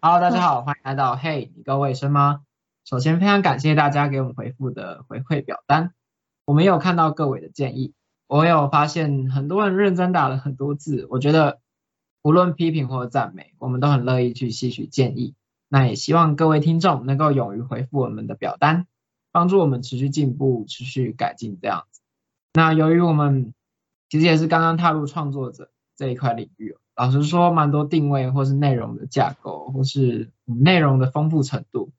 Hello，大家好，歡迎來到 Hey，你夠衛生嗎？首先非常感謝大家給我們回覆的回饋表單，我們也有看到各位的建議，我有發現很多人認真打了很多字，我覺得無論批評或讚美，我們都很樂意去吸取建議。那也希望各位聽眾能夠勇於回覆我們的表單，幫助我們持續進步、持續改進這樣子。那由於我們其實也是剛剛踏入創作者這一塊領域哦。老實說，蠻多定位或是內容的架構，或是內容的豐富程度，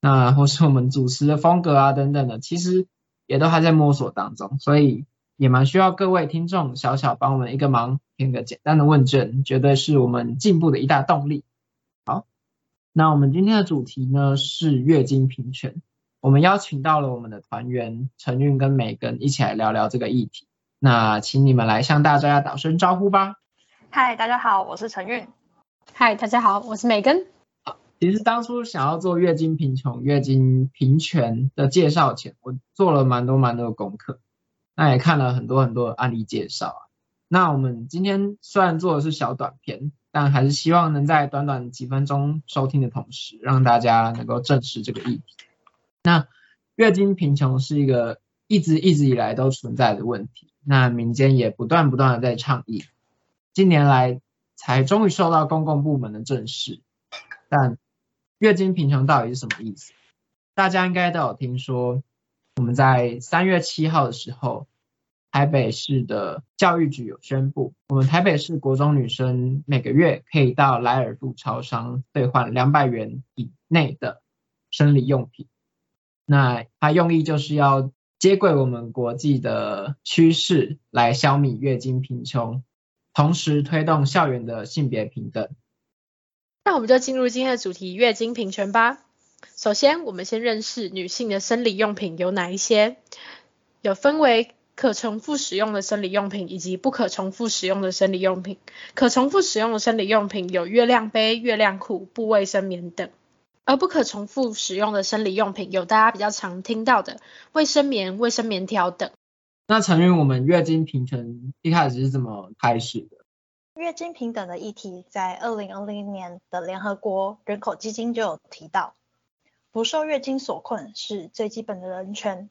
那或是我們主持的風格啊等等的，其實也都還在摸索當中，所以也蠻需要各位聽眾小小幫我們一個忙，填個簡單的問卷，絕對是我們進步的一大動力。好，那我們今天的主題呢是月經平權，我們邀請到了我們的團員晨韻跟 Megan 一起來聊聊這個議題。那請你們來向大家打聲招呼吧。嗨，Hi, 大家好，我是晨韻。嗨，大家好，我是 Megan。其實當初想要做月經貧窮、月經平權的介紹前，我做了蠻多蠻多的功課，那也看了很多很多的案例介紹啊，那我們今天雖然做的是小短片，但還是希望能在短短幾分鐘收聽的同時，讓大家能夠正視這個議題。那月經貧窮是一個一直一直以來都存在的問題，那民間也不斷不斷的在倡議。近年來才終於受到公共部門的正視，但月經貧窮到底是什麼意思？大家應該都有聽說，我們在三月七號的時候，台北市的教育局有宣布，我們台北市國中女生每個月可以到萊爾富超商兌換兩百元以內的生理用品。那它用意就是要接軌我們國際的趨勢，來消弭月經貧窮。同時推動校園的性別平等。那我們就進入今天的主題——月經平權吧。首先，我們先認識女性的生理用品有哪一些？有分為可重複使用的生理用品以及不可重複使用的生理用品。可重複使用的生理用品有月亮杯、月亮褲、布衛生棉等；而不可重複使用的生理用品有大家比較常聽到的衛生棉、衛生棉條等。那晨韻我們月經平權一開始是怎麼開始的？月經平等的議題在二零二零年的聯合國人口基金就有提到，不受月經所困是最基本的人權。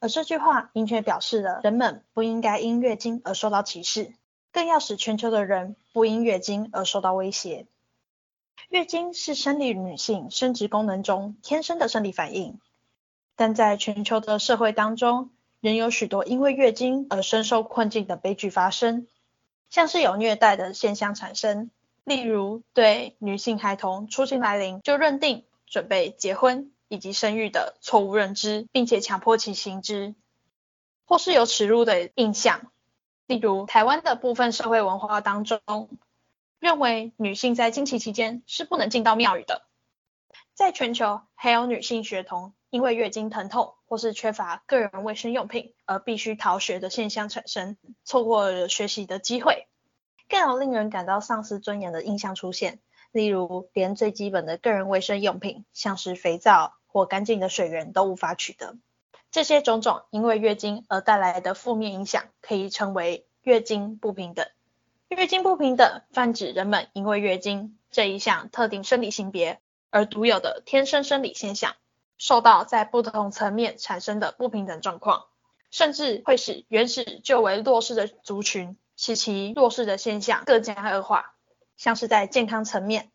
而這句話明確表示了，人們不應該因月經而受到歧視，更要使全球的人不因月經而受到威脅。月經是生理女性生殖功能中天生的生理反應，但在全球的社會當中。仍有許多因為月經而深受困境的悲劇發生，像是有虐待的現象產生，例如對女性孩童初經來臨就認定準備結婚以及生育的錯誤認知，並且強迫其行之，或是有恥辱的印象，例如台灣的部分社會文化當中認為女性在經期期間是不能進到廟宇的，在全球還有女性學童因為月經疼痛，或是缺乏個人衛生用品而必須逃學的現象產生，錯過了學習的機會，更有令人感到喪失尊嚴的印象出現。例如，連最基本的個人衛生用品，像是肥皂或乾淨的水源都無法取得。這些種種因為月經而帶來的負面影響，可以稱為月經不平等。月經不平等泛指人們因為月經這一項特定生理性別而獨有的天生生理現象。受到在不同層面產生的不平等狀況，甚至會使原始就為弱勢的族群，使其弱勢的現象更加惡化。像是在健康層面，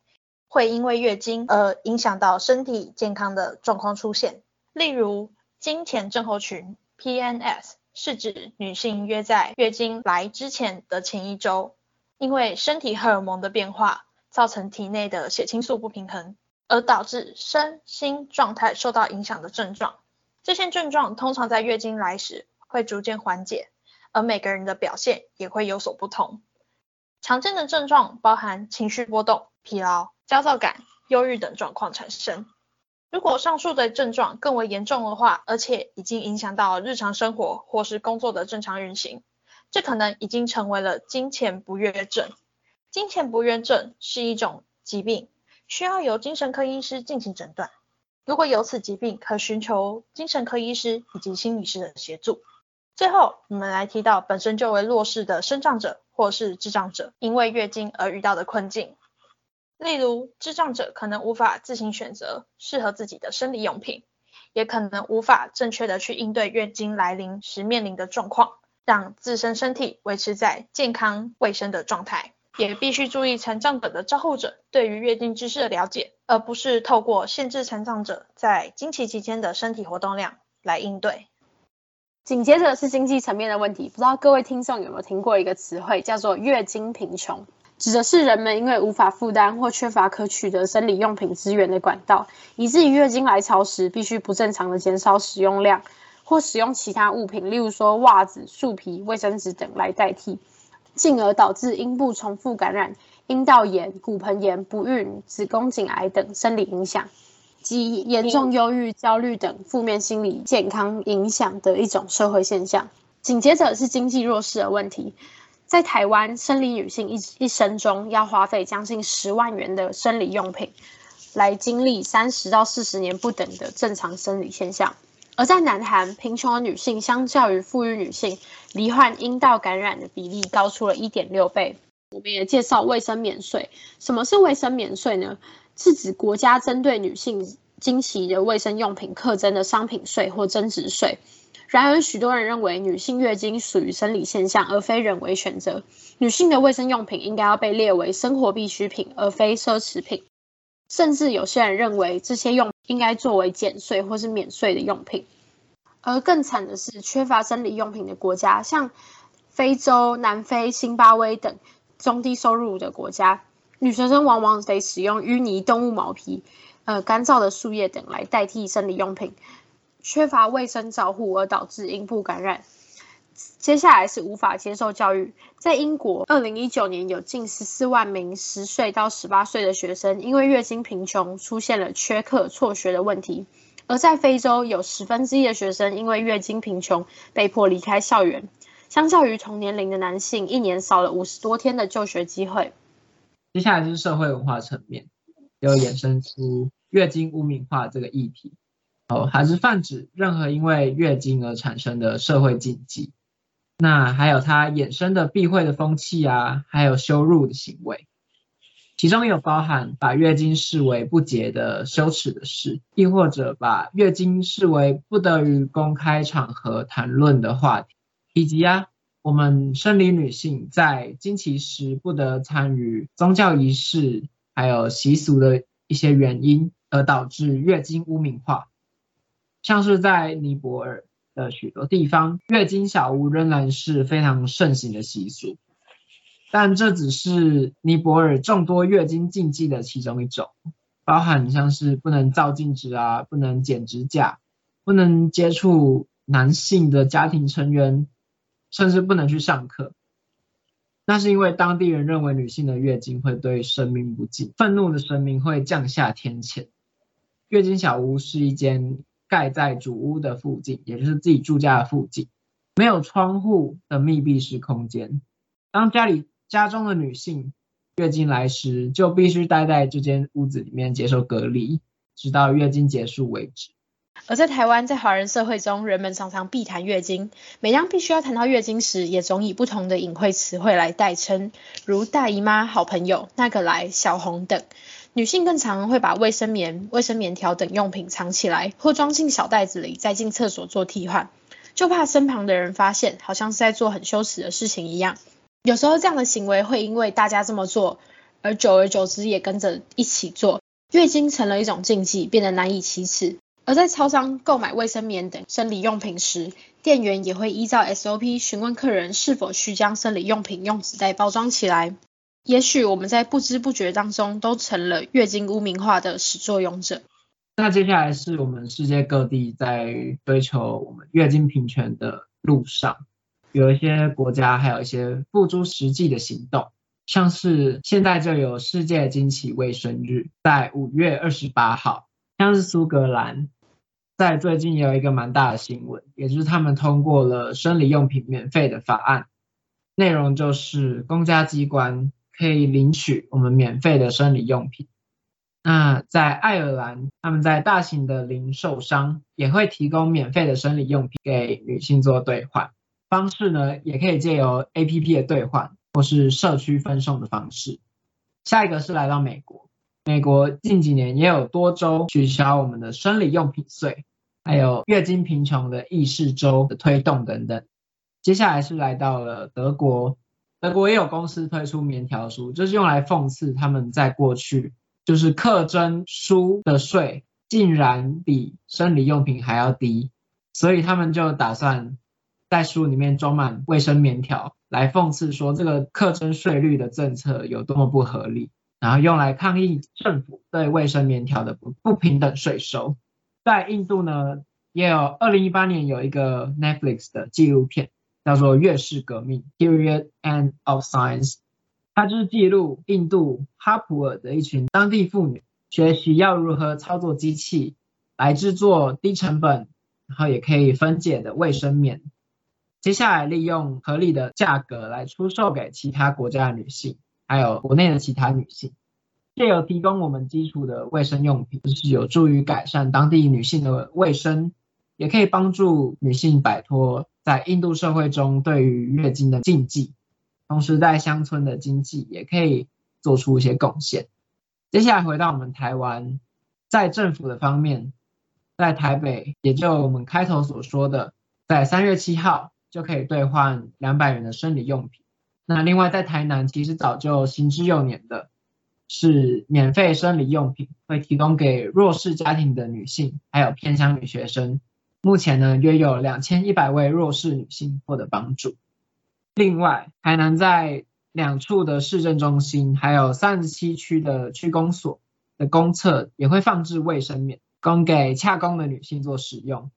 會因為月經而影響到身體健康的狀況出現。例如，經前症候群 PMS 是指女性約在月經來之前的前一周，因為身體荷爾蒙的變化，造成體內的血清素不平衡。而導致身心狀態受到影響的症狀，這些症狀通常在月經來時會逐漸緩解，而每個人的表現也會有所不同。常見的症狀包含情緒波動、疲勞、焦躁感、憂鬱等狀況產生。如果上述的症狀更為嚴重的話，而且已經影響到日常生活或是工作的正常運行，這可能已經成為了經前不悅症。經前不悅症是一種疾病。需要由精神科醫師進行診斷。如果有此疾病，可尋求精神科醫師以及心理師的協助。最後，我們來提到本身就為弱勢的身障者或是智障者，因為月經而遇到的困境。例如，智障者可能無法自行選擇適合自己的生理用品，也可能無法正確的去應對月經來臨時面臨的狀況，讓自身身體維持在健康衛生的狀態。也必須注意殘障者的照護者對於月經知識的了解，而不是透過限制殘障者在經期期間的身體活動量來應對。緊接着是經濟層面的問題，不知道各位聽眾有沒有聽過一個詞彙，叫做月經貧窮，指的是人們因為無法負擔或缺乏可取得生理用品資源的管道，以至於月經來潮時必須不正常的減少使用量，或使用其他物品，例如說襪子、樹皮、衛生紙等來代替。進而導致陰部重複感染、陰道炎、骨盆炎、不孕、子宮頸癌等生理影響，及嚴重憂鬱、焦慮等負面心理健康影響的一種社會現象。緊接着是經濟弱勢的問題，在台灣，生理女性一一生中要花費將近十萬元的生理用品，來經歷三十到四十年不等的正常生理現象；而在南韓，貧窮的女性相較於富裕女性，罹患陰道感染的比例高出了一點六倍。我們也介紹衛生免稅，什麼是衛生免稅呢？是指國家針對女性經期的衛生用品課徵的商品稅或增值稅。然而，許多人認為女性月經屬於生理現象而非人為選擇，女性的衛生用品應該要被列為生活必需品而非奢侈品。甚至有些人認為這些用品應該作為減稅或是免稅的用品。而更慘的是，缺乏生理用品的國家，像非洲、南非、辛巴威等中低收入的國家，女學生往往得使用淤泥、動物毛皮、呃、乾燥的樹葉等來代替生理用品，缺乏衛生照護而導致陰部感染。接下來是無法接受教育。在英國，二零一九年有近十四萬名十歲到十八歲的學生因為月經貧窮，出現了缺課、輟學的問題。而在非洲，有十分之一的學生因為月經貧窮被迫離開校園，相較於同年齡的男性，一年少了五十多天的就學機會。接下來就是社會文化層面，又衍生出月經污名化這個議題。哦，還是泛指任何因為月經而產生的社會禁忌，那還有它衍生的避諱的風氣啊，還有羞辱的行為。其中有包含把月經視為不潔的羞恥的事，亦或者把月經視為不得於公開場合談論的話題，以及啊，我們生理女性在經期時不得參與宗教儀式還有習俗的一些原因，而導致月經污名化。像是在尼泊爾的許多地方，月經小屋仍然是非常盛行的習俗。但這只是尼泊爾眾多月經禁忌的其中一種，包含像是不能照鏡子啊，不能剪指甲，不能接觸男性的家庭成員，甚至不能去上課。那是因為當地人認為女性的月經會對神明不敬，憤怒的神明會降下天譴。月經小屋是一間蓋在主屋的附近，也就是自己住家的附近，沒有窗戶的密閉式空間。當家裡家中的女性月經來時，就必須待在這間屋子裡面接受隔離，直到月經結束為止。而在台灣，在華人社會中，人們常常避談月經。每當必須要談到月經時，也總以不同的隱晦詞彙來代稱，如大姨媽、好朋友、那個來、小紅等。女性更常會把衛生棉、衛生棉條等用品藏起來，或裝進小袋子裡，再進廁所做替換，就怕身旁的人發現，好像是在做很羞恥的事情一樣。有時候這樣的行為會因為大家這麼做，而久而久之也跟着一起做。月經成了一種禁忌，變得難以啟齒。而在超商購買衛生棉等生理用品時，店員也會依照 SOP 詢問客人是否需將生理用品用紙袋包裝起來。也許我們在不知不覺當中都成了月經污名化的始作俑者。那接下來是我們世界各地在追求我們月經平權的路上。有一些國家還有一些付諸實際的行動，像是現在就有世界經期衛生日在五月二十八號。像是蘇格蘭在最近也有一個蠻大的新聞，也就是他們通過了生理用品免費的法案，內容就是公家機關可以領取我們免費的生理用品。那在愛爾蘭，他們在大型的零售商也會提供免費的生理用品給女性做兌換。方式呢，也可以借由 A P P 的兌換，或是社區分送的方式。下一個是來到美國，美國近幾年也有多州取消我們的生理用品稅，還有月經貧窮的意識州的推動等等。接下來是來到了德國，德國也有公司推出棉條書，就是用來諷刺他們在過去就是課徵書的稅竟然比生理用品還要低，所以他們就打算。在書裡面裝滿衛生棉條，來諷刺說這個課徵稅率的政策有多麼不合理，然後用來抗議政府對衛生棉條的不平等稅收。在印度呢，也有二零一八年有一個 Netflix 的紀錄片叫做《月事革命：Period End of Science》，它就是記錄印度哈普爾的一群當地婦女學習要如何操作機器來製作低成本，然後也可以分解的衛生棉。接下來利用合理的價格來出售給其他國家的女性，還有國內的其他女性，這有提供我們基礎的衛生用品，就是有助於改善當地女性的衛生，也可以幫助女性擺脫在印度社會中對於月經的禁忌，同時在鄉村的經濟也可以做出一些貢獻。接下來回到我們台灣，在政府的方面，在台北，也就我們開頭所說的，在三月七號。就可以兌換兩百元的生理用品。那另外在台南，其實早就行之有年的，是免費生理用品會提供給弱勢家庭的女性，還有偏鄉女學生。目前呢，約有兩千一百位弱勢女性獲得幫助。另外，台南在兩處的市政中心，還有三十七區的區公所的公廁，也會放置衛生棉，供給洽公的女性做使用。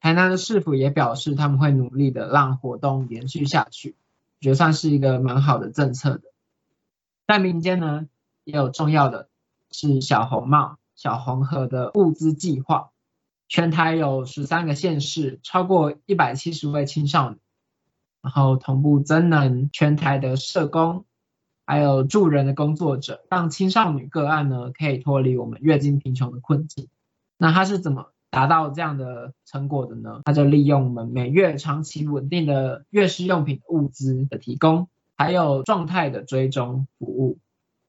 台南的市府也表示，他們會努力的讓活動延續下去，也算是一個蠻好的政策的。在民間呢，也有重要的是小紅帽、小紅盒的物資計劃，全台有十三個縣市，超過一百七十位青少女，然後同步增能全台的社工，還有助人的工作者，讓青少女個案呢可以脫離我們月經貧窮的困境。那他是怎麼？達到這樣的成果的呢，他就利用我們每月長期穩定的月事用品物資的提供，還有狀態的追蹤服務。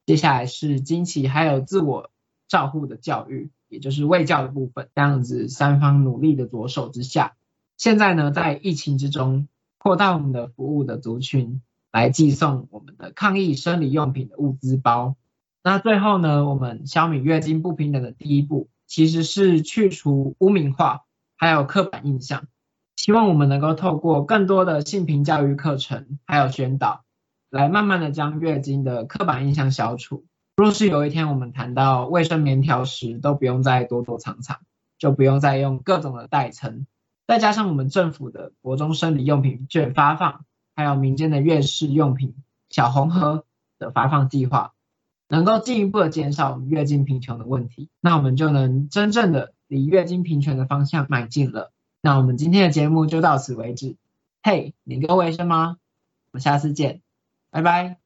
接下來是經期還有自我照護的教育，也就是衛教的部分。這樣子三方努力的着手之下，現在呢，在疫情之中擴大我們的服務的族群，來寄送我們的抗疫生理用品的物資包。那最後呢，我們消弭月經不平等的第一步。其實是去除污名化，還有刻板印象。希望我們能夠透過更多的性平教育課程、還有宣導，來慢慢的將月經的刻板印象消除。若是有一天我們談到衛生棉條時，都不用再躲躲藏藏，就不用再用各種的代稱。再加上我們政府的國中生理用品券發放，還有民間的月事用品，小紅盒的發放計劃。能夠進一步的減少我們月經貧窮的問題，那我們就能真正的離月經貧窮的方向邁進了。那我們今天的節目就到此為止。嘿，hey，你夠衛生嗎？我們下次見，拜拜。